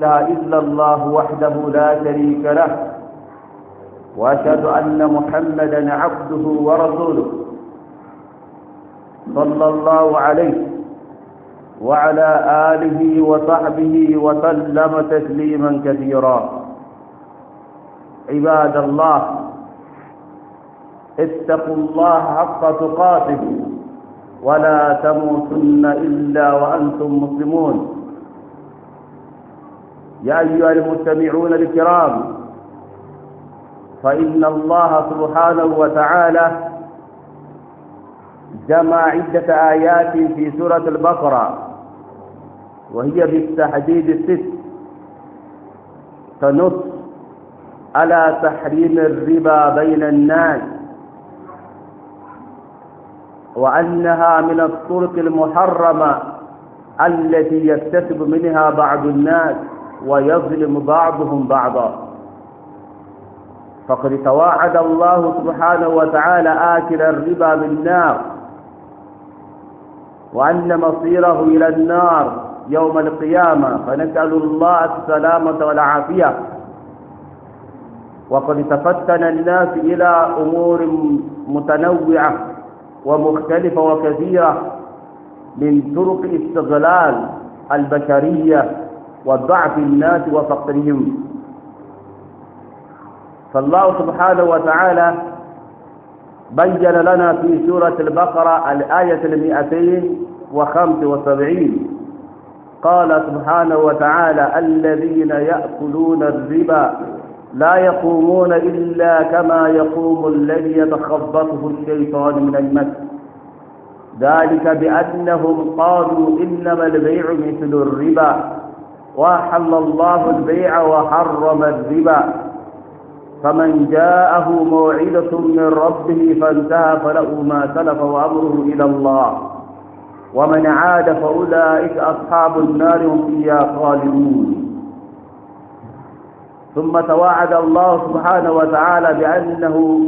إله إلا الله وحده لا شريك له وأشهد أن محمدا عبده ورسوله صلى الله عليه وعلى آله وصحبه وسلم تسليما كثيرا عباد الله اتقوا الله حق تقاته ولا تموتن إلا وأنتم مسلمون يا أيها المستمعون الكرام فإن الله سبحانه وتعالى جمع عدة آيات في سورة البقرة وهي بالتحديد الست تنص على تحريم الربا بين الناس وأنها من الطرق المحرمة التي يكتسب منها بعض الناس ويظلم بعضهم بعضا فقد توعد الله سبحانه وتعالى آكل الربا بالنار وأن مصيره إلى النار يوم القيامة فنسأل الله السلامة والعافية وقد تفتن الناس إلى أمور متنوعة ومختلفة وكثيرة من طرق استغلال البشرية وضعف الناس وفقرهم فالله سبحانه وتعالى بين لنا في سورة البقرة الآية المئتين وخمس وسبعين قال سبحانه وتعالى الذين يأكلون الربا لا يقومون إلا كما يقوم الذي يتخبطه الشيطان من المس ذلك بأنهم قالوا إنما البيع مثل الربا وأحل الله البيع وحرم الربا فمن جاءه موعظة من ربه فانتهى فله ما سلف وأمره إلى الله ومن عاد فأولئك أصحاب النار هم فيها خالدون ثم توعد الله سبحانه وتعالى بأنه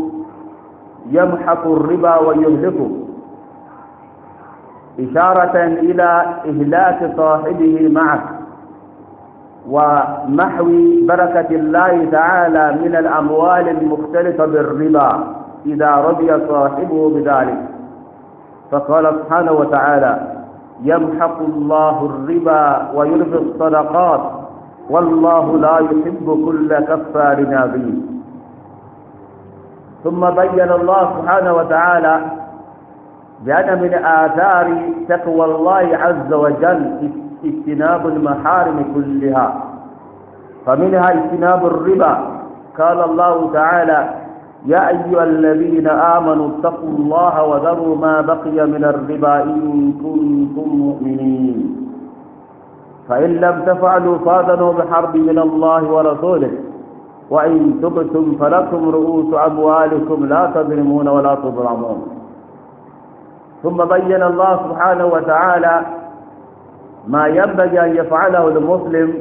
يمحق الربا ويهلكه إشارة إلى إهلاك صاحبه معه ومحو بركة الله تعالى من الأموال المختلطة بالربا إذا رضي صاحبه بذلك فقال سبحانه وتعالى يمحق الله الربا ويربي الصدقات والله لا يحب كل كفار نابين ثم بين الله سبحانه وتعالى بأن من آثار تقوى الله عز وجل اجتناب المحارم كلها فمنها اجتناب الربا قال الله تعالى يا أيها الذين آمنوا اتقوا الله وذروا ما بقي من الربا إن كنتم مؤمنين فإن لم تفعلوا فاذنوا بحرب من الله ورسوله وإن تبتم فلكم رؤوس أموالكم لا تظلمون ولا تظلمون ثم بين الله سبحانه وتعالى ما ينبغي أن يفعله المسلم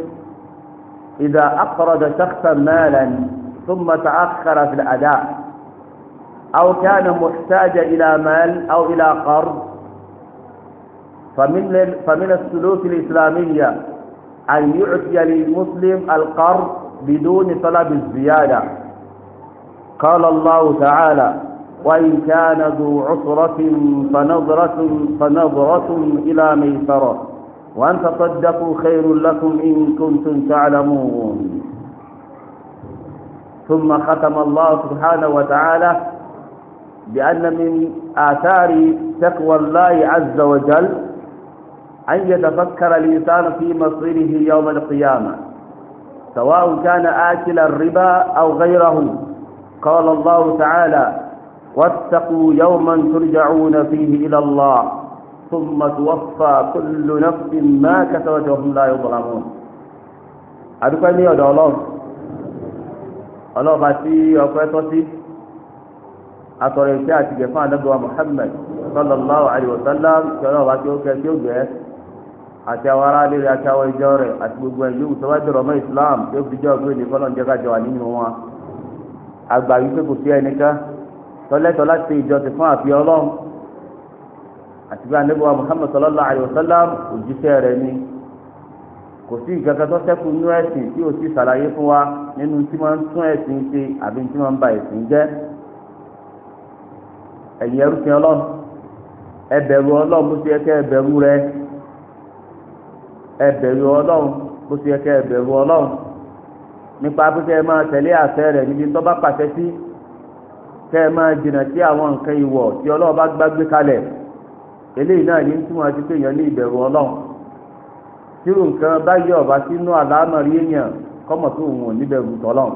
إذا أقرض شخصا مالا ثم تأخر في الأداء أو كان محتاجا إلى مال أو إلى قرض فمن فمن السلوك الإسلامية أن يعطي للمسلم القرض بدون طلب الزيادة قال الله تعالى وإن كان ذو عسرة فنظرة فنظرة إلى ميسرة وأن تصدقوا خير لكم إن كنتم تعلمون ثم ختم الله سبحانه وتعالى بأن من آثار تقوى الله عز وجل أن يتفكر الإنسان في مصيره يوم القيامة سواء كان آكل الربا أو غيره قال الله تعالى واتقوا يوما ترجعون فيه إلى الله ثم توفى كل نفس ما كسبت وهم لا يظلمون adúpẹ́ ní ọ̀dọ̀ ọlọ́run ọlọ́ọ̀bá tí ọpẹ́ tọ́ sí atọ̀rọ̀ ìṣe àtìgẹ̀ fún anábíwá Muhammad sallallahu alayhi wa sallam tí ọlọ́ọ̀bá tí ó kẹ́ tí ó gbẹ́ àti àwọn ará lérí àti àwọn ìjọ rẹ̀ àti gbogbo ìlú ìsọwájọrọ̀ mọ́ Islam tí ó fi jẹ́ ọ̀gbìn ní fọlọ́n jẹ́ kájọ wà nínú wọn àgbà wípé kò sí ẹnìkan tọ́lẹ́tọ̀ láti ìjọ ti fún àfi ọlọ́run àti bí anabi wa muhammad sallallahu alayhi wa sallam òjíṣẹ́ rẹ̀ ni kò sí ìkankan tó ṣẹ́kù nínú ẹ̀sìn tí ò sì ṣàlàyé fún wa nínú tí wọ́n ń tún ẹ̀sìn ṣe àbí tí wọ́n ń ba ẹ̀sìn jẹ́ ẹ̀yin ẹrú fi ọlọ́run ẹ bẹ̀rù ọlọ́run bó ṣe yẹ kẹ́ ẹ bẹ̀rù rẹ̀ ọlọ́run bó ṣe yẹ kẹ́ ẹ ọlọ́run nípa pé ẹ máa tẹ̀lé àṣẹ rẹ̀ níbi tó bá pàṣẹ sí kẹ́ ẹ máa jìnnà sí àwọn nǹkan ìwọ̀ tí ọlọ́run bá gbàgbé kalẹ̀ ele náà ní túmọ̀ sí pé èèyàn ní ìbẹ̀rù ọlọ́run tírù nǹkan báyìí ọ̀bá sínú àlámọ̀rí èèyàn kọ́mọ̀ tó òun ò níbẹ̀rù tọ́lọ́run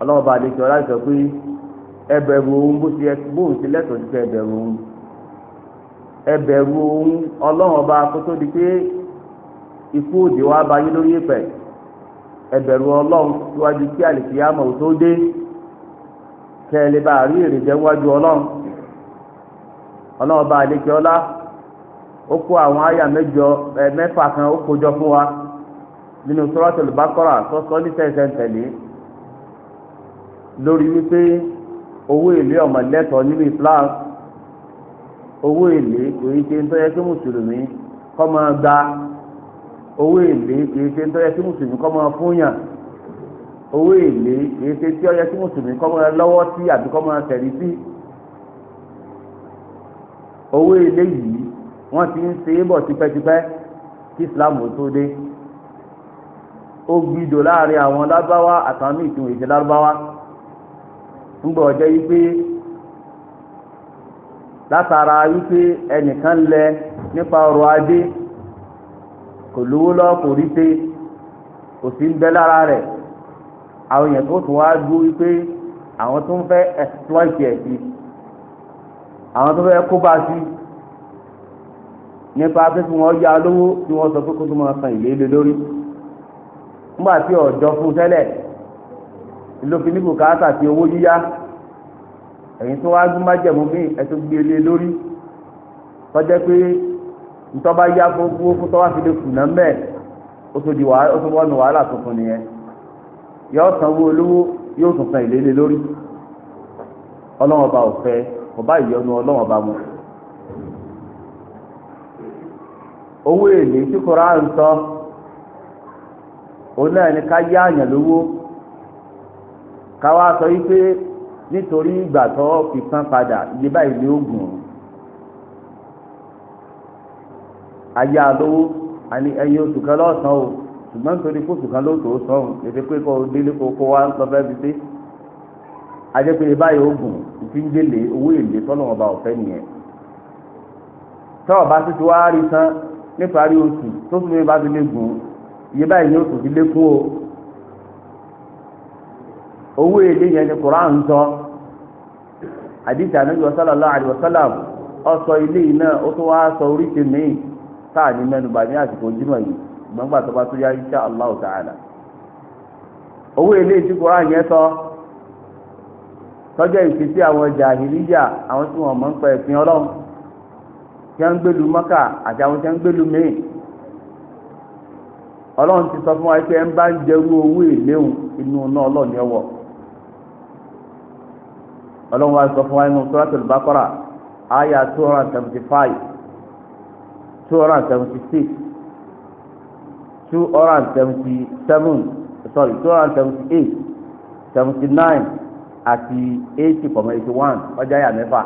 ọlọ́run bá lè sọ láti sọ pé ẹ bẹ̀rù bó ti bóun ti lẹ́tọ̀ọ́ sí ọba kó tó di pé ikú wa bá yín lórí ọlọ́run tó ọlọ́ọ̀ba àdékè ọlá ó kó àwọn àyà mẹ́jọ ẹ mẹ́fà kan ó kójọ fún wa nínú Suratul Baqara sọ́sọ́ ní tẹ̀sẹ̀ntẹ̀lé lórí wípé owó èlé ọ̀mọ̀lẹ́tọ̀ nínú Islam owó èlé èyí ṣe ń tọ́yẹ kí mùsùlùmí kọ́ máa gba owó èlé èyí ṣe ń tọ́yẹ kí mùsùlùmí kọ́ máa fúnyàn owó èlé èyí ṣe tí ó yẹ mùsùlùmí kọ́ máa lọ́wọ́ sí àbí máa tẹ̀lé sí owó èlé yìí wọ́n ti ń ṣe é bọ̀ tipẹ́tipẹ́ kí islam ó tó dé ó gbìdò láàrin àwọn lárúbáwá àtàwọn míì tí wọ́n èdè lárúbáwá ń gbọ́ ọjọ́ yìí pé látara wípé ẹnìkan lẹ nípa ọrọ̀ adé kò lówó lọ kò rí pé kò sí ń bẹ lára rẹ̀ àwọn èèyàn tó tún wá dúró wípé àwọn tó ń fẹ́ exploit ẹ̀ sí àwọn tó fẹ́ kó bá sí nípa pé kí yá lówó tí wọ́n sọ pé kó tó máa san ìlé ilé lórí nígbà tí ọ̀jọ́ fún tẹ́lẹ̀ ìlòfin ní ti owó yíyá ẹ̀yìn tó wá gbé májẹ̀mú bí ẹ̀tọ́ gbé lórí tọ́jẹ́ pé ntọ́ba yá gbogbo fún tọ́wá fi lè kùnà di ó tó wọ́nu wàhálà tuntun nìyẹn olówó yóò tún san ìlé lórí ọlọ́wọ́n kò bá ìyọnu ọlọ́run ọba mu. owó èlé tí kò sọ òun náà ni ká yá àyàn lówó ká wá sọ yí pé nítorí ìgbà tó fi san padà iye báyìí ni ó gùn ayá lówó àní ẹyin oṣù kan lọ́sàn-án o ṣùgbọ́n nítorí kóṣù kan ló tó sàn o èdè pé kó o délé kó o kó wa ń sọ fẹ́ẹ́ ajẹ́pẹ́ báyìí oògùn ti ń gbélé owó èlé tọ́lọ́wọ́n ọba ọ̀fẹ́ nìyẹn tọ́ ọba ti wá rí tán oṣù tó fún mi bá ti lé gùn iye báyìí oṣù ti o owó èlé yẹn ni Kùránì sọ ọsọ ilé yìí náà ó tún wá sọ oríṣi ní àsìkò yìí gbọ́ngbà tó bá tó yá tọ́jọ́ ìfisí àwọn jàhílíyà àwọn tí wọ́n mọ̀ ń pẹ́ ẹ̀sìn ọlọ́run tí wọ́n ń gbélu mọ́kà àti àwọn tí wọ́n ń gbélu míì ọlọ́run ti sọ fún wa pé ẹ ń bá ń jẹrú owó ìléhùn inú náà ọlọ́ọ̀ni ọwọ́ ọlọ́run wa sọ fún wa inú Suratul Baqara àyà two hundred and seventy five two hundred and seventy six two hundred and seventy seven sorry two hundred and seventy eight seventy nine àti eighty comma eighty one ọjà yà mẹ́fà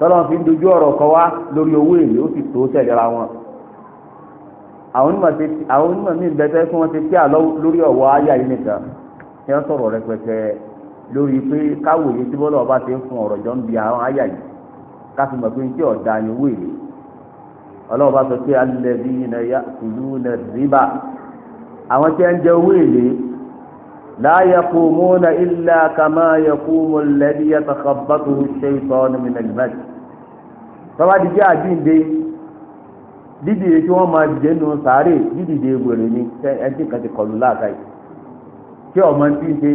tọ́lọ́n fi ń dojú ọ̀rọ̀ kọ wá lórí owó èlé ó sì tó tẹ̀léra wọn àwọn onímọ̀ mi bẹ fẹ́ kí wọ́n ti tí àlọ́ lórí ọ̀wọ́ ayé ayé nìkan tí wọ́n sọ̀rọ̀ rẹpẹtẹ lórí pé káwòye tí bọ́lá ọba ti ń fún ọ̀rọ̀ jọ ń bi àwọn ayé ayé káfí mọ̀ pé tí ọ̀dà ni owó èlé ọlọ́ọ̀bá sọ pé alladhina ya'kuluna riba àwọn tí wọ́n ń jẹ owó èlé لا يقومون إلا كما يقوم الذي يتخبطه الشيطان من المس tọ́ba di jẹ́ àjíǹde dídìde tí wọ́n máa dìde nù sàárè dídìde wèrè ni ẹtí kan ti kọlù láàká yìí tí ọmọ ti ń ṣe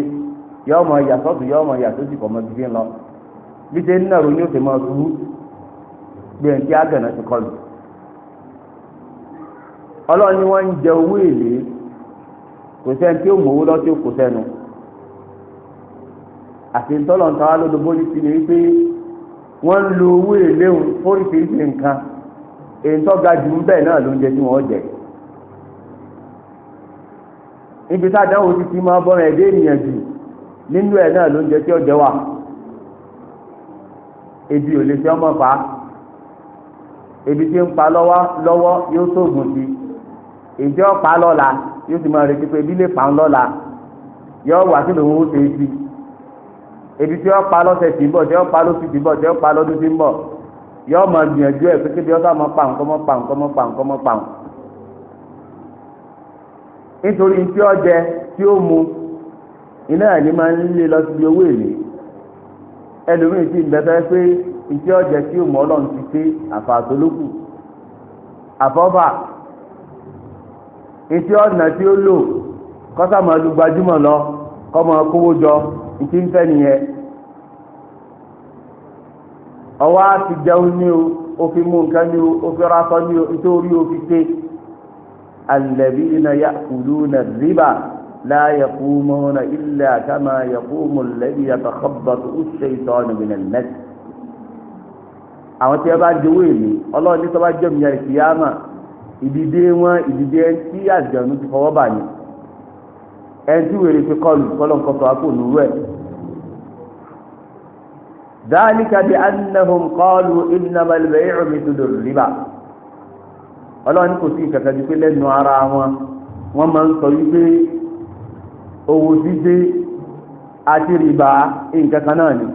yọ ọmọ yàtọ̀tù yọ ọmọ yàtọ̀tù kọ̀ ọmọ ti fi ń lọ bí ṣe ń nàró ní òsè máa ṣubú bí ẹ̀ǹtí àgànà ti kọlù ọlọ́ọ̀ni wọ́n ń jẹ owó èlé kò sẹ́ni tí ó mọ̀ owó lọ́tí ó kò sẹ́nu àti ntọ́lọ̀ ntọ́ wa lọ́dọ̀ bóyá ti ní wípé wọ́n ń lo owó èléwu fóríṣiríṣi nǹkan èyí tó ga jù bẹ́ẹ̀ náà ló ń jẹ tí wọ́n jẹ ibi tá a dáwọ́ ti ti máa bọ́ra ẹ̀dẹ́ ènìyàn jù nínú ẹ̀ náà ló ń jẹ tí ọ̀jẹ̀ wà ebi ò lè fi ọmọ pa ebi tí ń pa lọ́wọ́ yóò tó ògùn sí ìjọ pa lọ́la yóò sì máa retí pé ebi lè pa ń lọ́la yọ wà kí lòun ó ṣe é sí ebi tí wọ́n pa lọ́sẹ̀ tí ń bọ̀ tí wọ́n pa lóṣù tí ń bọ̀ tí wọ́n pa lọ́dún tí ń bọ̀ yọ ọmọ gbìyànjú ẹ̀ pé kébi ọ̀sán ọmọ pa nǹkan mọ́ pa nǹkan mọ́ pa nǹkan mọ́ pa nǹkan. nítorí tí ó jẹ tí ó mu iná ẹ̀ ní máa ń lé lọ síbi owó èlé ẹlòmíì sì ń bẹ fẹ́ pé tí ó jẹ tí ó mu ọlọ́run ti ṣe àfàtólókù àfọ́fà etí ọ̀nà tí ó lò kọ́sà máa lu gbajúmọ̀ lọ kọ́ máa kówó jọ ìtí ń fẹ́ nìyẹn ọwọ́ á ti jẹun ní o ó fi mú nǹkan ní o ó fi rásọ ní o nítorí o fi ṣe alladhina ya'kuluna riba la yaqumuna illa kama yaqumu alladhi yatakhabbatu ash-shaytanu mina al-mass àwọn tí a bá jowó èlé ọlọ́run ní sọ́ba jẹ́ mi yàrá ìfìyàmà ìdìde wọn ìdìde tí àjọ̀nù ti fọwọ́ bà ní ẹni tí wèrè ti kọlù kọlọ̀ nǹkan sọ̀rọ̀ kò lúwẹ̀. dáálíkà bí annahum qalu innamal bay'u mithlu riba ọlọ́run kò sí ìkàkà ju pé lẹ́nu ara wọn wọ́n máa ń sọ wípé owó dídé àti rìbá nǹkan kan náà ni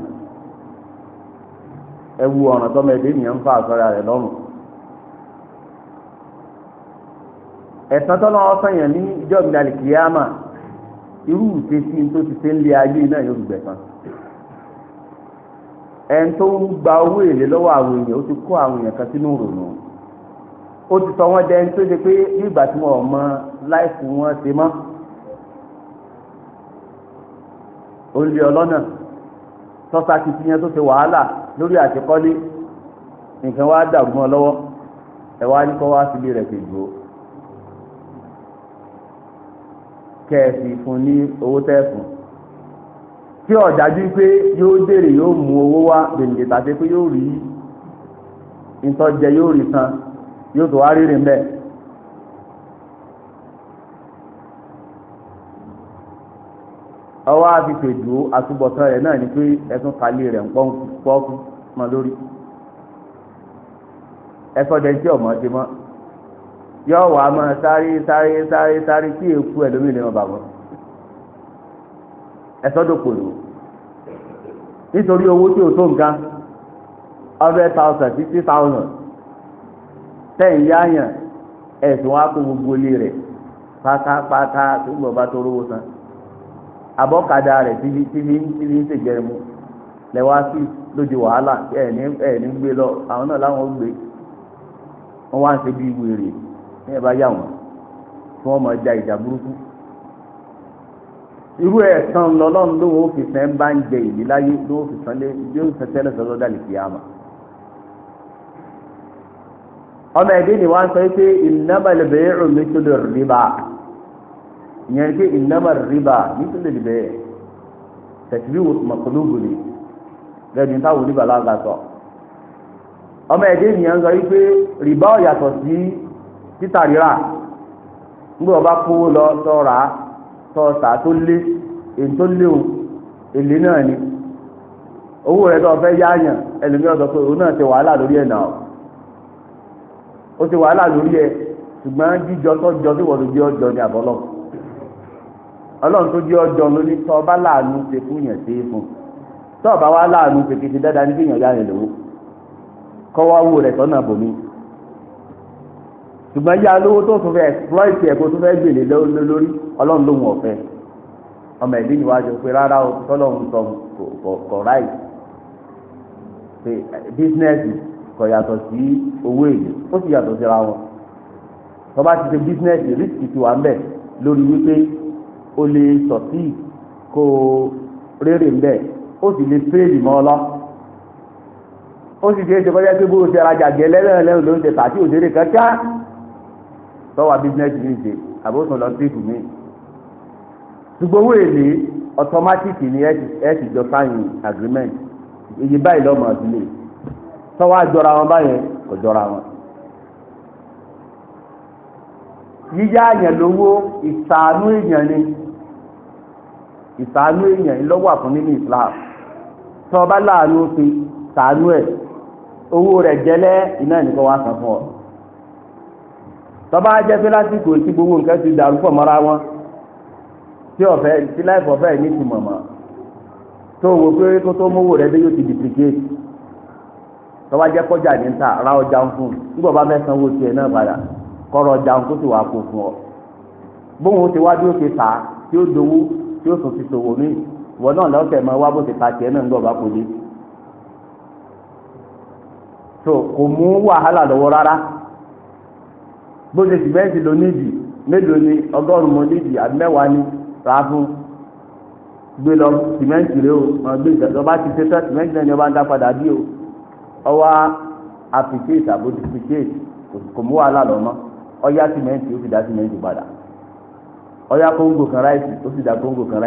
ẹ wu ọ̀ràn tọ́mọ ẹ̀dẹ́ ènìyàn ń fa àsọ̀rọ̀ rẹ̀ lọ́rùn. ẹ̀sán tọ́lọ́ ọ̀sán yẹn ní jọ́gbìdàlì kìyàmà irú ìtẹ́sí tó ti ṣe ń lé ayé náà yóò gbẹ̀sán ẹni tó ń gba owó èlé lọ́wọ́ àwọn èèyàn ó ti kó àwọn èèyàn kan sínú ìrònú ó ti sọ wọ́n dẹni tó ṣe pé nígbà tí wọ́n mọ láìfù wọn ṣe mọ́ ó lé ọlọ́nà sọ́sà kìtìyàn tó ṣe wàhálà lórí àtikọ́lé nǹkan wá dàrú mọ́ lọ́wọ́ ẹ̀ wá ní kọ́ wá sílé rẹ̀ kejì o. kẹ́ẹ̀fì fún ní owó tẹ́ẹ̀fún tí ọ̀dájú pé yóò dèrè yóò mú owó wá bèlè tàbí pé yóò rí ìtọ́jẹ yóò rí san yóò tó wá rírì ń bẹ̀. ọwọ́ àtúbọ̀tán rẹ̀ náà ni pé ẹtún kalẹ̀ rẹ̀ ń pọ́nkú mọ́ lórí ẹ̀fọ́ dẹ́ntì ọ̀mọ́ mọ́. yọọwa wàá máa sáré sáré sáré sáré tí èkú ẹ lè wọn bàbọ nítorí owó tí o tó nǹkan hundred thousand fifty thousand ten yáàyàn ẹ̀sùn wa gbogbo ilé rẹ̀ pátápátá tó bá tó rówó san abọ́kadà wàhálà ní gbé lọ àwọn náà gbé wá ní ẹ̀ bá yà wọ́n tí wọ́n máa ja ìjà burúkú irú ẹ̀san lọ́lọ́run ló wọ́n fi sẹ́ ń bá ń jẹ ìlú láyé ló wọ́n fi sàn lé yóò sẹ́ tẹ́lẹ̀ sọ́dọ́ dàlí kìyàmà ọmọ ẹ̀dín ni wọ́n sọ pé innamal bay'u mithlu riba ìyẹn pé innamal riba mithlu riba tẹ̀síbí wò mọ̀kúlùbù ni lẹ́nu táwọn oníbàlá ń ga sọ ọmọ ẹ̀dín ni wọ́n sọ pé rìbá ó yàtọ̀ sí títà rírà nígbà wọn bá kówó lọ tọ sọ̀sà tó lé èyí tó lé o èlé náà ni owó rẹ tó fẹ yáàyàn ẹlòmíràn sọ pé òun náà ti wàhálà lórí ẹ̀ náà ó ti wàhálà lórí ẹ ṣùgbọ́n jíjọ tó ọjọ ní tó ọjọ ọba láàánú ṣe fún ṣe é fún ọba wa láàánú ṣe dáadáa ní kéèyàn yára ṣùgbọ́n yá lówó tó tún fẹ́ exploit ẹ̀ kó tún fẹ́ gbèlè lórí ọlọ́run ló ń ọ̀fẹ́ ọmọ ẹ̀dín ni wàá jọ pé rárá o tọ́lọ́run sọ kọ̀ ráì pé eh, bísínẹ́sì kọ̀ yàtọ̀ sí owó èlé ó sì yàtọ̀ síra wọn tọ́ba ti ṣe bísínẹ́sì rísìkì ti wà ń bẹ̀ lórí wípé o lè sọ̀tì kó o rérè ń bẹ̀ ó sì lè fẹ́ẹ̀lì mọ́ ọ lọ ó sì ṣe é ṣe kọjá pé bó o ṣe rajà gẹ́lẹ́ lẹ́rìn lẹ́rìn tàbí òṣèré kankan tọ́wà business mi ṣe àbótún lọ sí ìdùnnú ṣùgbọ́n owó èlé automatic ni ẹ ti jọ sign agreement iye báyìí lọ́mọ ìdílé tọ́wọ́ àjọra wọn báyẹn kò jọra wọn. yíyá àyàn lówó ìsàánú èèyàn ni ìsàánú èèyàn lọ́wọ́ àfún nínú Islam tọ́ba láàánú pé sàánú ẹ̀ owó rẹ̀ jẹ́lẹ́ iná ẹnìkan wá san fún ọ tọ́ba jẹ́ pé lásìkò tí gbogbo nǹkan ti dàrú pọ̀ mọ́ra wọn tí ọ̀fẹ́ tí láìpọ̀ fẹ́ ní ìtumọ̀ mọ́ tó wo pé kó tó mówó rẹ dé yóò ti dìplicate tọ́ba jẹ́ kọjá ní ta ra ọjà ń fún nígbà bá mẹ́sàn owó tiẹ̀ náà padà kọ́rọ̀ ọjà ń kó sì wàá kó fún ọ bóun ó ti wá bí ó ti tà á tí ó dowó tí ó sùn ti sòwò míì ìwọ náà lọ́sẹ̀ máa wá bó ti ta tiẹ̀ náà ń bá kò bó ṣe sìmẹ́ǹtì ló nídìí mélòó ni ọgọ́rùn-ún àbí mẹ́wàá ni rà fún gbé lọ ti ọba ń dá padà bí o ọwọ́ àpìkéèsì àbójútìkéèsì kò mú wàhálà lọ mọ́ ọyá sìmẹ́ǹtì ó dá sìmẹ́ǹtì padà ọyá kóńgò kan ráìsì ó sì dá kóńgò kan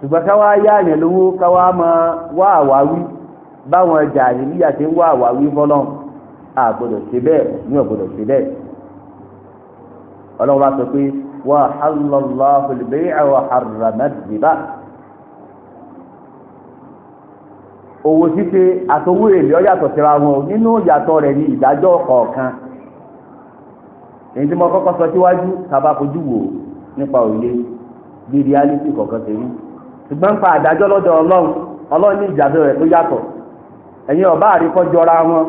ṣùgbọ́n ká wá yá àyàn lówó ká wá máa wá àwáwí báwọn ọjà àríyá ti ń wá àwáwí fọlọ́n àgbọ̀dọ̀ ṣe bẹ́ẹ̀ ní ọ̀gbọ̀dọ̀ ṣe bẹ́ẹ̀ ọlọ́run bá sọ pé wà á hallallahu al-bay'a wa harrama al-riba òwò ṣíṣe àtòwò èlé ọ̀yàtọ̀ síra wọn nínú ìyàtọ̀ rẹ̀ ní ìdájọ́ kọ̀ọ̀kan èyí tí mo kọ́kọ́ sọ síwájú tá a bá fojú wò nípa òye bí reality kọ̀ọ̀kan ṣe rí. ṣùgbọ́n pa àdájọ́ lọ́dọ̀ ọlọ́run ọlọ́run ní ìjàdọ̀ rẹ̀ tó yàtọ̀ ẹ̀yin ọba àríkọ́ jọra wọn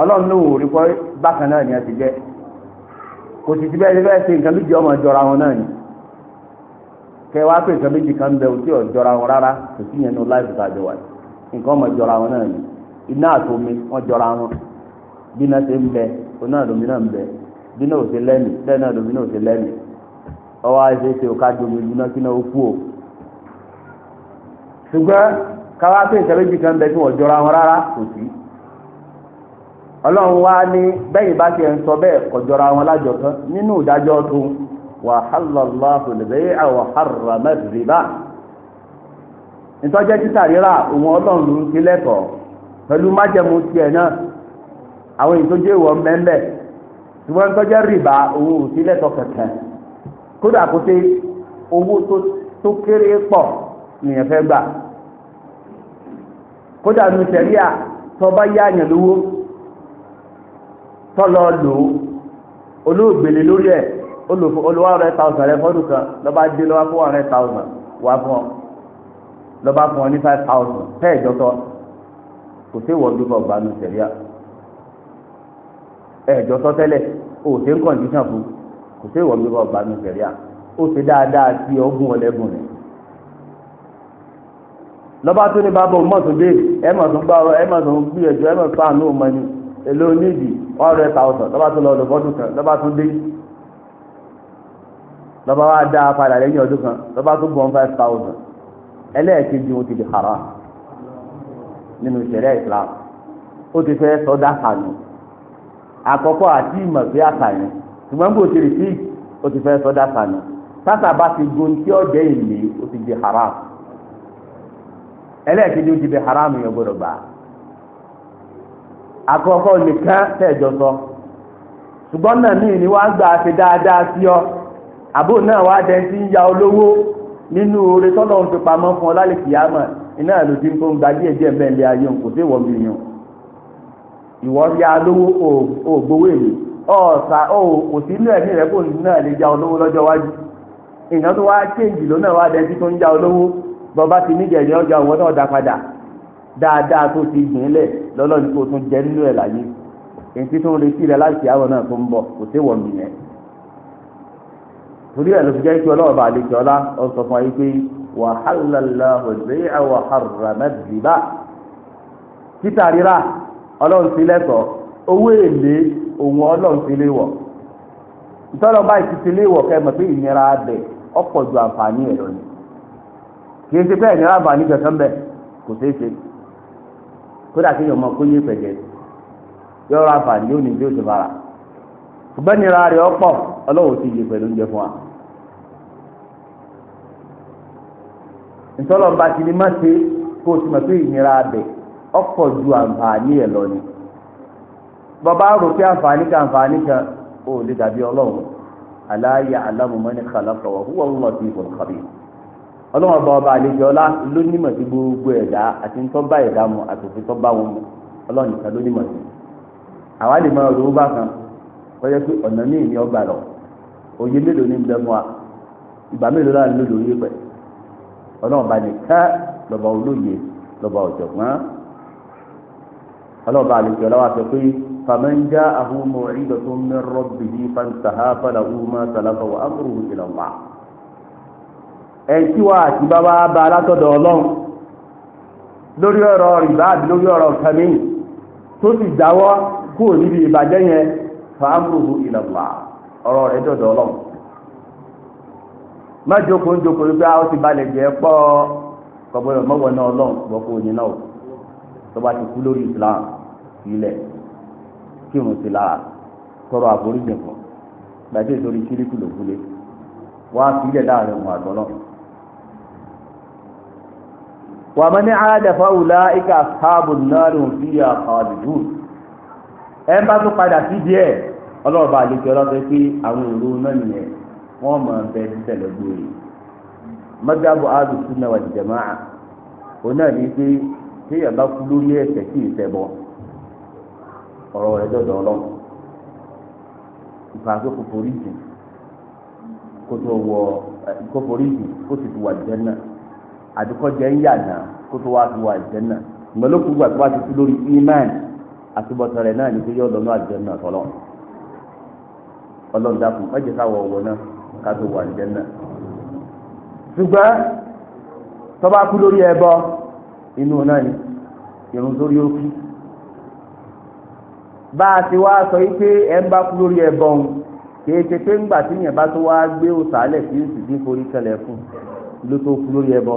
ọlọ́run ló wò ríkọ́ bákan náà ni ẹ ti jẹ́ kò sì ti bẹ́ẹ̀ bẹ́ẹ̀ ṣe nǹkan méjì ọmọ jọra wọn náà ni kẹ wá pé nǹkan méjì kan bẹ òtí wọn rárá kò sí yẹn láìpẹ́ tàbí wà jọra wọn náà ni iná jọra wọn bí ṣe ń bẹ oná náà ń bẹ bí ò ṣe lẹ́nu bẹ́ẹ̀ náà ṣùgbọ́n káwá pé nǹkan méjì kan bẹ tí wọ́n jọra wọn rárá kò sí ọlọ́run wá ní bẹ́yìn bá ti ẹ̀ ń sọ bẹ́ẹ̀ kò jọra wọn lájọ kan nínú ìdájọ́ tó wa halallahu al-bay'a wa harrama ìtọ́jẹ́ títà rírà òun ọlọ́run ló ń ṣe lẹ́kọ̀ọ́ pẹ̀lú májẹ̀mú tiẹ̀ náà àwọn ìtọ́jú ìwọ̀ mẹ́mẹ́ ṣùgbọ́n ìtọ́jẹ́ rìbá òun ò sí lẹ́tọ̀ọ́ kẹ̀kẹ́ kódà kó ṣe owó tó kéré pọ̀ nìyẹn fẹ́ gbà kódà nu sẹ̀ríà tọ́ba yáàyàn lówó tọ́lọ lò ó olóògbèlè lórí ẹ̀ olùwà rẹ̀ tàwùsàn rẹ̀ fọ́dún kan lọ́ba dé lọ́wọ́ fún wa rẹ̀ wà fún ọ lọ́ba fún ọ ní five thousand fẹ́ẹ̀ jọ́tọ́ kò sí ìwọ́n gbígbọ́ ọgbà nu sẹ̀ríà ẹ̀ẹ́dọ́ sọ́tẹ́lẹ̀ o ṣe ń kọ̀ǹdíṣàn fún kò sí ìwọ́n gbígbọ́ ọgbà nu sẹ̀ríà ó ṣe dáadáa sí ọgbọ̀n ọlẹ́gùn rẹ̀ lọ́ba tó ní bábọ̀ mọ̀tòdé ẹ mọ̀ tó gbàrọ̀ ẹ mọ̀ tó gbìyànjú ẹ mọ̀ tó àánú mọ́ni èlò onídìí one hundred thousand lọ́ba tó lọ ọdún fọ́dún kan lọ́ba tó dé lọ́ba wa dá a padà lẹ́yìn ọdún kan lọ́ba tó gbọ́n five thousand ẹlẹ́ẹ̀kejì ó ti di haram nínú ìṣẹ̀lẹ̀ Islam ó ti fẹ́ sọdá kànú àkọ́kọ́ àti ìmọ̀ sí àkànú ṣùgbọ́n bó ti rìsíì ó ti fẹ́ sọdá kànú sáṣà bá ti gun tí ọ̀jẹ̀ ìlé ó ti di ẹlẹ́ẹ̀kejì ó ti bẹ haramu yẹn gbọdọ̀ gbà àkọ́kọ́ nìkan tẹ̀jọ sọ ṣùgbọ́n náà míì ni wọ́n á gbà ṣe dáadáa sí ọ àbò náà wàá dẹ́ ti ń ya olówó nínú oore tọ́lọ́ ń fi pamọ́ fún ọ lálẹ́ kìámọ̀ iná ló ti ń kó ń gba díẹ̀ díẹ̀ mẹ́lẹ̀ ayé kò sí ìwọ́n bìyàn ìwọ́ ya lówó ògbówó èlé ọ̀sà kò sí inú ẹ̀mí rẹ̀ kò náà lè ya olówó lọ́jọ́ wájú ìyàn wá kéèjì lónà wàá dẹ́ ti tó ń ya olówó bọba ti níjẹ ní ọjà òun náà dá padà dáadáa tó ti gbìn lẹ lọlọrin kó tún jẹ nínú ẹ láyé èyí tó ń retí rẹ láti àwọn náà tó ń bọ̀ kò sí wọn nìyẹn torí ẹ ló fi jẹ́ kí ọlọ́ọ̀bà àlejò ọlá ọsọ fún ayé pé wàhálàlá ọ̀dẹ́yà wàhálà mẹ́tìlá títà rírà ọlọ́run sí lẹ́tọ̀ọ́ owó èlé òun ọlọ́run sí léwọ̀ ìtọ́lọ́ba ìtìtì léwọ̀ kẹ́ mọ̀ pé ìnira abẹ ọ̀pọ̀ ju àǹfààní ẹ̀rọ ni kìí ṣe bẹ́ẹ̀ ní rábà ní kankan bẹ́ẹ̀ kò ṣeé ṣe kódà kí yọmọ kó yé pẹ̀jẹ́ yọ rábà ní yóò bí ó ti bára ṣùgbọ́n nira rẹ̀ ọ̀pọ̀ ọlọ́wọ́ ti yé pẹ̀lú oúnjẹ fún wa. ntọ́lọ́mba ti ní má ṣe kó o ti mọ̀ pé ìnira ọ̀pọ̀ ju àǹfààní ẹ̀ lọ ni bàbá rò pé àǹfààní kan àǹfààní kan lè dàbí ọlọ́run alámùmọ́ni kàlá ọlọ́wọ́n bá ọba àlejò ọlá lónímọ̀ sí gbogbo ẹ̀dá àti ntọ́ba ẹ̀dá mu àtòfin tọ́ba wọn mu ọlọ́run nìkan lónímọ̀ sí. àwa lè máa ro bá kan kọjá pé ọ̀nà míì ni ọgbà lọ òye mélòó ní ń bẹ mu a ìgbà mélòó láà ló lóye pẹ̀ ọlọ́run bá nìkan lọ́ba olóye lọ́ba ọ̀jọ̀gbọ́n ọlọ́run bá àlejò ọlá wa sọ pé فمن جاءه موعظة من ربه فانتهى ẹtí wa àti bàbá bá látọ̀dọ̀ ọlọ́run lórí ọ̀rọ̀ rìbá lórí ọ̀rọ̀ kàmí tó sì níbi ìbàjẹ́ yẹn fàámùrù ọ̀rọ̀ rẹ̀ dọ̀dọ̀ ọlọ́run má jókòó ń jókòó pé ó ti balẹ̀ jẹ́ o ní náà tó bá ti kú lórí Islam ilẹ̀ kí ti àforíjì gbàdé wa man aada fa ulaika ashabun nar hum fiha khalidun ẹ bá tún padà sí díẹ̀ ọlọ́run bá àlejò ọlọ́sẹ̀ pé àwọn èrò náà nìyẹn wọ́n máa bẹ títẹ̀ lọ́gbọ̀n rẹ̀ madhabu ahlus sunna wal jamaa òun náà ní pé téèyàn bá kú lórí ẹ̀ṣẹ̀ sí ìṣẹbọ ọ̀rọ̀ rẹ̀ dọ̀dọ̀ ọlọ́run ìfàgbé kò forí kó tó wọ kó forí kó sì tún wà jẹ́ náà àdìkọ́jẹ́ ń yà náà kó tó wá fi wá àlùjánnà ìmọ̀lókùn gbà tó wá ti kú lórí imán àtúbọ̀tán rẹ̀ náà ní pé yóò lọ́nà àlùjánnà tọ́lọ́ ọlọ́run dákun mẹ́jẹ káwọ̀ ọ̀wọ̀ náà ká tó wà àlùjánnà. ṣùgbọ́n tọ́ba kú lórí ẹbọ inú náà ni irun sórí òkú bá a ti wá sọ yìí pé ẹ ń bá kú lórí ẹbọ òun kìí ńgbà tí yẹn bá tó wá gbé òsàlẹ̀ tí ó sì kẹlẹ̀ fún ló tó kú lórí ẹbọ.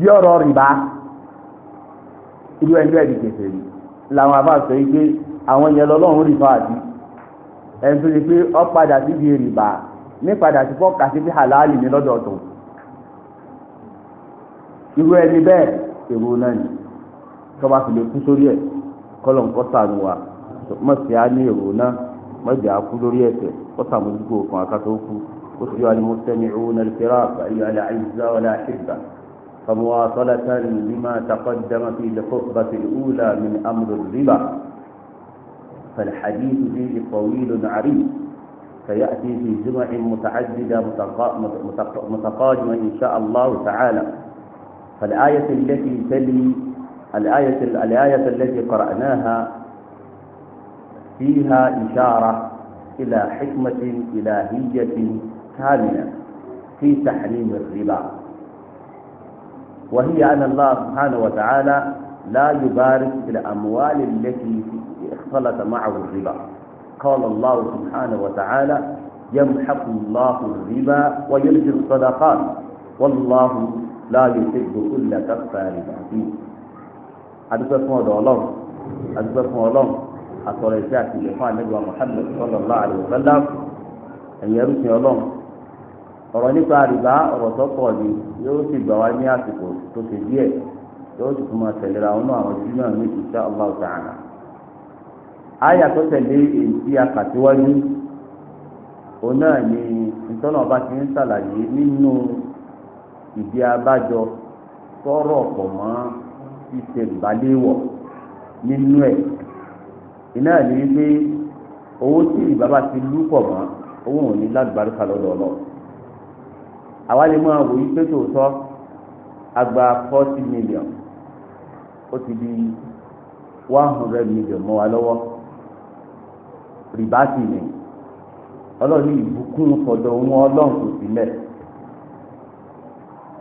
bí ọ̀rọ̀ rìbá irú ẹni bẹ́ẹ̀ di kẹsẹ̀ rí làwọn yìí pé àwọn yẹn lọ́lọ́run rí fáàdì ẹni tó pé ó padà síbi rìbá ní padà sí fọ́ọ̀kà sí ní irú ẹni bẹ́ẹ̀ èrò náà ni tọ́ba fi lè kú sórí ẹ̀ kọ́lọ̀ ń á ní èrò náà lórí kú ni náà lè fẹ́ràn فمواصلة لما تقدم في الخطبة الأولى من أمر الربا فالحديث فيه طويل عريض سيأتي في جمع متعددة متقادمة إن شاء الله تعالى فالآية التي تلي الآية الآية التي قرأناها فيها إشارة إلى حكمة إلهية كاملة في تحريم الربا وهي أن الله سبحانه وتعالى لا يبارك في الأموال التي اختلط معه الربا قال الله سبحانه وتعالى يمحق الله الربا ويرجي الصدقات والله لا يحب كل كفار أثيم adúpẹ́ fún ọ̀dọ̀ ọlọ́run adúpẹ́ fún ọlọ́run àtọ̀rọ̀ ìṣe àti ilẹ̀ fún àlejò Muhammad sallallahu alaihi ọ̀rọ̀ nípa àrìbá ọ̀rọ̀ tó pọ̀ ni yóò sì gbà wá ní àsìkò tó ṣe díẹ̀ yóò sì tún máa tẹ̀léra ọ̀nà àwọn tí náà ní insha Allah ta'ala. àyà tó tẹ̀lé èyí tí a kà síwájú òun náà ni ìtọ́nà ọba ti ń ṣàlàyé nínú ìdí abájọ tọrọ pọ̀ mọ́ ṣíṣe ìbálẹ̀wọ̀ nínú ẹ̀ iná ní wípé owó tí ìbá bá ti lú pọ̀ mọ́ owó òní lágbàdúrà lọ́dọọlọ́ọ̀ àwa lè máa wò yí pé tòótọ́ agba forty million ó ti di one hundred million mọ́ wa lọ́wọ́ rìbá ni ọlọ́run ìbùkún sọ̀dọ̀ wọn ọlọ́run kò sí mẹ́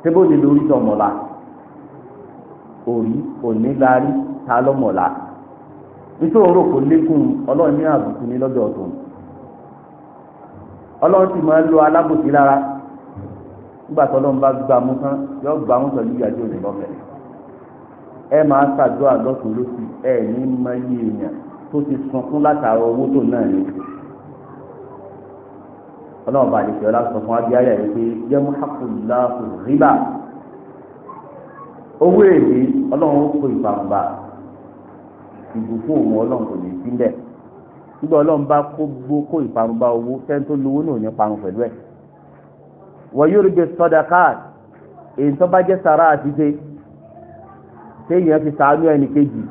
tébó lè lórí tọmọ̀la òrí òní larí ta lọ́mọ̀la nítorí òrò kò lékún ọlọ́run ní àbùkù ní lọ́dọ̀ ọ̀tún ọlọ́run sì máa ń lo alábòsí lára nígbà tó lọ́n bá gbà mú tán yọ gbà mú pẹ̀lú ìyájọ́ òní lọ́fẹ̀ẹ́ ẹ máa ṣàdúrà lọ́sùn lósì ẹ ní mọ iye èèyàn tó ti sunkún látara owó tó náà ní ọlọ́run bá àdìsí ọlá sọ fún abiyáyà yìí pé yẹmú hàkùnláhù rìbá owó èlé ọlọ́run ó kó ìbàmbà ìbùkún òun ọlọ́run kò ní sílẹ̀ nígbà ọlọ́run bá kó gbó kó ìparun bá owó fẹ́ẹ́ tó lówó náà ní parun pẹ̀lú ẹ̀ wọ́yọ́rùbẹ̀ sọ́dàkàt èyí tó bá Sara Ati Te téèyàn fi sàánú ẹnì kejì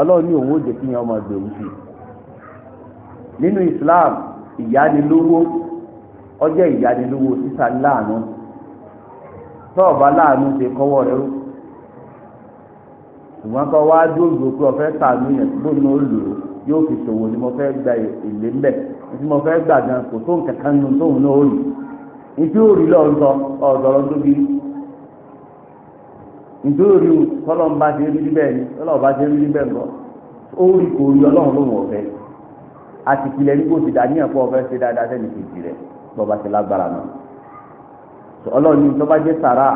ọlọ́run ní òun ó jẹ́ kíyàn ọmọ ìgbèrú Islam ìyánilówó ọjọ́ ìyánilówó ṣùgbọ́n wá dóògbò pé ni mo fẹ́ gba tí mo fẹ́ gbà gan kò tó nǹkan kan ntí òrì lọ́ọ̀dọ́ ọ̀dọ́rọ̀ tóbi ntí òrì tọ́lọ́mba ti rí bẹ́ẹ̀ ni tọ́lọ́mba ti rí bẹ́ẹ̀ lọ ó rí kò rí ọlọ́run ló wọ̀ fẹ́ ní kò sì dá ní ọ̀fẹ́ ṣe dáadáa sẹ́ni kejì rẹ̀ ti lágbára náà ọlọ́run ní jẹ́ sàrà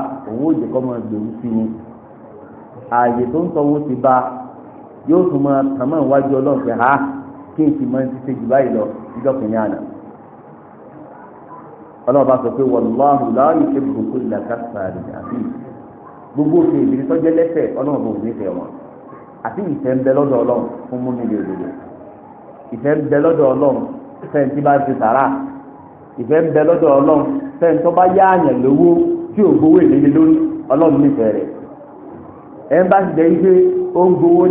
ti bá yóò tún máa tàmọ́ ìwájú ọlọ́run ha ọlọ́run bá sọ pé wàlúwàhù láàyè ṣe gbogbo ìlàkà sàárì àti gbogbo òfin ìbílẹ̀ tó jẹ́ lẹ́sẹ̀ ọlọ́run bò ní ìfẹ́ wọn àti ìfẹ́ ń bẹ lọ́dọ̀ ọlọ́run fún mú nílé òdodo ìfẹ́ ń bẹ lọ́dọ̀ ọlọ́run fẹ́ǹ tí bá ti sàrà ìfẹ́ ń bẹ lọ́dọ̀ ọlọ́run fẹ́ǹ tó bá yá àyàn lówó tí ò gbowó èlé lórí ọlọ́run nífẹ̀ẹ́ rẹ̀ ẹ̀ ń bá ti jẹ́ ife ó ń gbowó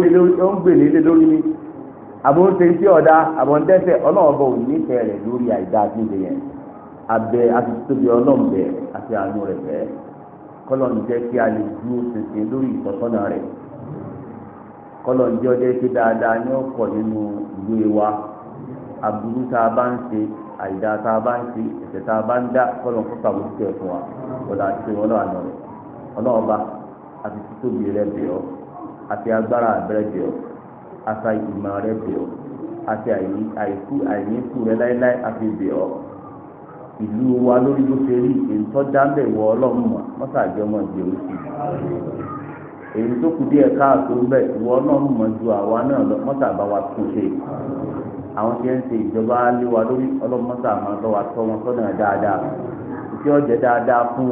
ó ń gbèlé lórí ni àbò ń ṣe tí ọ̀dà àbò ń dẹ́sẹ̀ ọlọ́run bò nífẹ̀ẹ́ rẹ̀ lórí àìdáa tí ń ṣe yẹn abẹ atutubi ọlọ́mọbẹ àti àánú rẹ fẹ́ kọ́lọ̀ ń jẹ́ kí a lè dúró tètè lórí ìtọ́sọ́nà rẹ̀ kọ́lọ̀ ń jẹ́ ọjọ́ kí dáadáa ní ọ̀pọ̀ nínú ìwé wa aburú tá a bá ń ṣe àìdá tá a bá ń ṣe ẹ̀ṣẹ̀ tá a bá ń dá kọ́lọ̀ ń fún sàbójútó ẹ̀ fún wa kọ́lọ̀ àti ọlọ́wà náà rẹ̀ ọlọ́ọ̀ba àti títóbi rẹ̀ bẹ̀ ọ́ àti agbára rẹ̀ bẹ̀ ọ́ àti ìmọ̀ rẹ̀ bẹ̀ ọ́ àti àìkú àìníkù rẹ̀ láéláé àfi bẹ̀ ọ́ ìlú wa lórí bó ṣe rí èyí tó dáńbẹ̀ wọ ọlọ́run mọ̀ mọ́sàájọ́ mọ̀ jẹ́ si èyí tó kù díẹ̀ káàtó bẹ́ẹ̀ ìwọ ọlọ́run mọ̀ ju àwa náà lọ mọ́sàbá wa tún ṣe àwọn tí ń ṣe ìjọba lé wa lórí máa wa wọn dáadáa tí dáadáa fún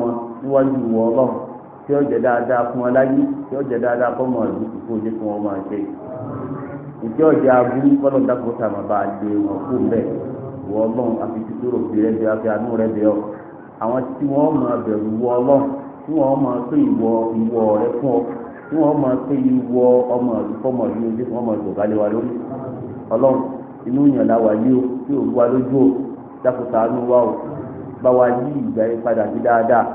wọn níwájú ìwọ tí wọ ọlọ́run àfi tìtúrò fi rẹ bẹ àfi àánú rẹ bẹ ọ àwọn tí wọ́n máa bẹ̀rù wọ ọlọ́run tí wọ́n máa pé ìwọ ìwọ rẹ fún ọ tí wọ́n máa pé ìwọ ọmọ ìlú fọmọ ìlú ojú fún ọmọ ìlú balẹ̀ wa lórí ọlọ́run inú yàn la wà yí o tí òru wa lójú o dákòtà àánú wa o bá wa yí ìgbà yẹn padà sí dáadáa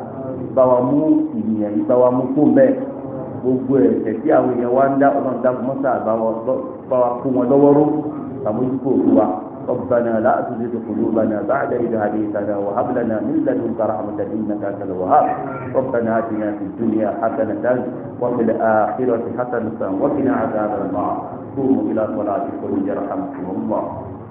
bá wa mú ìyẹn yìí bá wa mú kó bẹ́ẹ̀ gbogbo ẹ̀ṣẹ̀ tí àwọn èèyàn wa ń dá ọlọ́run dákòmọ́sà bá wa kó wọn lọ́wọ́rọ́ sàmójúkò òru wa. ربنا لا تزغ قلوبنا بعد إذ هديتنا وهب لنا من لدنك رحمة إنك أنت الوهاب ربنا آتنا في الدنيا حسنة وفي الآخرة حسنة وقنا عذاب النار قوموا إلى صلاتكم يرحمكم الله